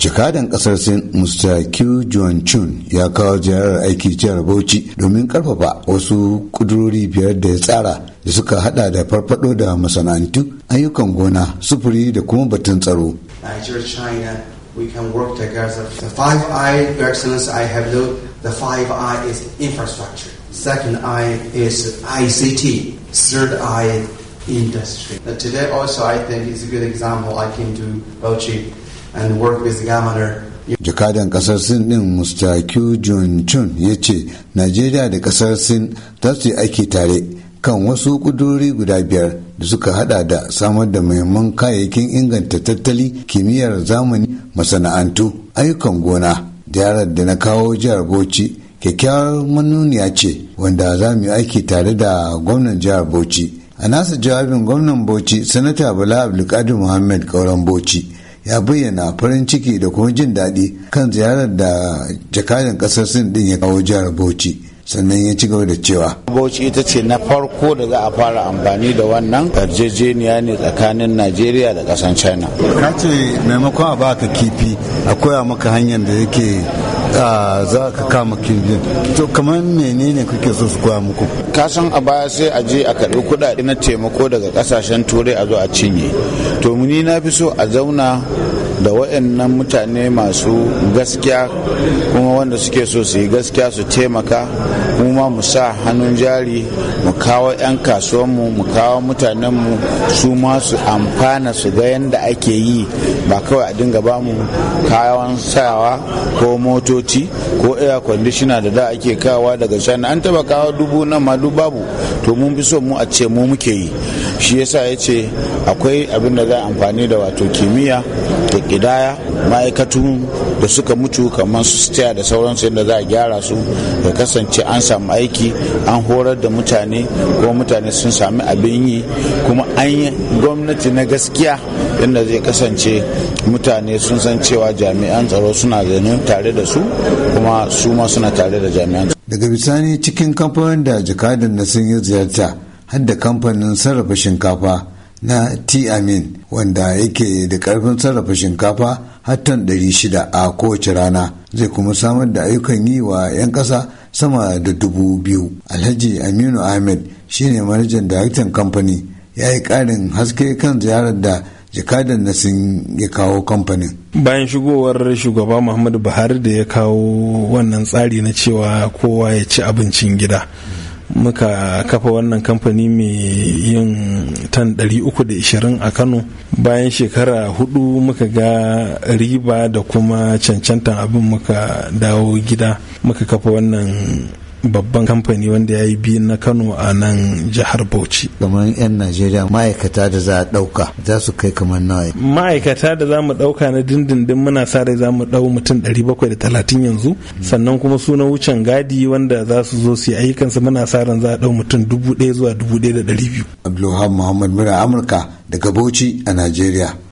jakadan kasar sin mr q john chun ya kawo aiki jihar bauchi domin karfafa wasu kudurori biyar da ya tsara da suka hada da farfado da masana'antu ayyukan gona sufuri da kuma batun tsaro We can work together. The five I, Your I have looked. The five I is infrastructure. Second I is ICT. Third I, industry. But today also, I think it's a good example I came to and work with governor jakadan kasar sin din mr q chun ya ce najeriya da kasar sin za su yi aiki tare kan wasu kudurori guda biyar da suka hada da samar da muhimman kayayyakin inganta tattali kimiyyar zamani masana'antu ayyukan gona ziyarar da na kawo jihar bauchi kyakkyawar manuniya ce wanda za mu yi aiki tare da gwamnan jihar bauchi a nasa jawabin gwamnan bauchi sanata bala abdulkadir muhammad kauran bauchi ya bayyana farin ciki da kuma jin daɗi kan ziyarar da jakadan ƙasar sin din ya kawo jihar bauchi sannan ya ci gaba da cewa bauchi ita ce na farko da za a fara amfani da wannan yarjejeniya ne tsakanin najeriya da kasan china ka ce maimakon a baka kifi a koya maka hanyar da yake za ka kama kirgin to kamar menene kuke so su kwa muku kasan a baya sai a je a karbi kuɗaɗe na taimako daga ƙasashen turai a zo a cinye to ni na fi so a zauna da waɗannan mutane masu gaskiya kuma wanda suke so su yi gaskiya su taimaka kuma mu sa hannun jari mu kawo 'yan kasuwanmu mu kawo mutanenmu su masu amfana su ga yadda ake yi ba kawai a dinga ba mu kayan sayawa ko motoci motoci ko air conditioner da da ake kawa daga china an taba kawo dubu nan ma duk babu to mun fi son mu a ce mu muke yi shi yasa ya ce akwai abin da za a amfani da wato kimiyya da kidaya ma'aikatu da suka mutu kamar su steya da sauransu yadda za a gyara su da kasance an samu aiki an horar da mutane kuma mutane sun sami abin yi kuma an yi gwamnati na gaskiya yadda zai kasance mutane sun san cewa jami'an tsaro suna zaune tare da su kuma su ma suna tare da jami'an tsaro daga bisani cikin kamfanin da jakadan na sun yi ziyarta har kamfanin sarrafa shinkafa na t-amin wanda yake da karfin sarrafa shinkafa hatton 600 a kowace rana zai kuma samar da ayyukan yi wa 'yan kasa sama da dubu biyu alhaji aminu ahmed shine manajan daraktan kamfani ya yi karin haske kan ziyarar da jakadan na sun ya kawo kamfanin bayan shigowar shugaba muhammadu buhari da ya kawo wannan tsari na cewa kowa ya ci abincin gida muka kafa wannan kamfani mai yin tan 320 a kano bayan shekara hudu muka ga riba da kuma cancantan abin muka dawo gida muka kafa wannan babban kamfani wanda ya yi biyu na kano a nan jihar bauchi kamar 'yan najeriya ma'aikata da za a ɗauka za su kai kamar nawa ma'aikata da za mu ɗauka na dindindin muna sa rai za mu ɗau mutum talatin yanzu sannan kuma suna wucin gadi wanda za su zo su yi ayyukansu muna sa ran za a ɗau mutum 1000 zuwa 1200 abdulhamid muhammad mura amurka daga bauchi a najeriya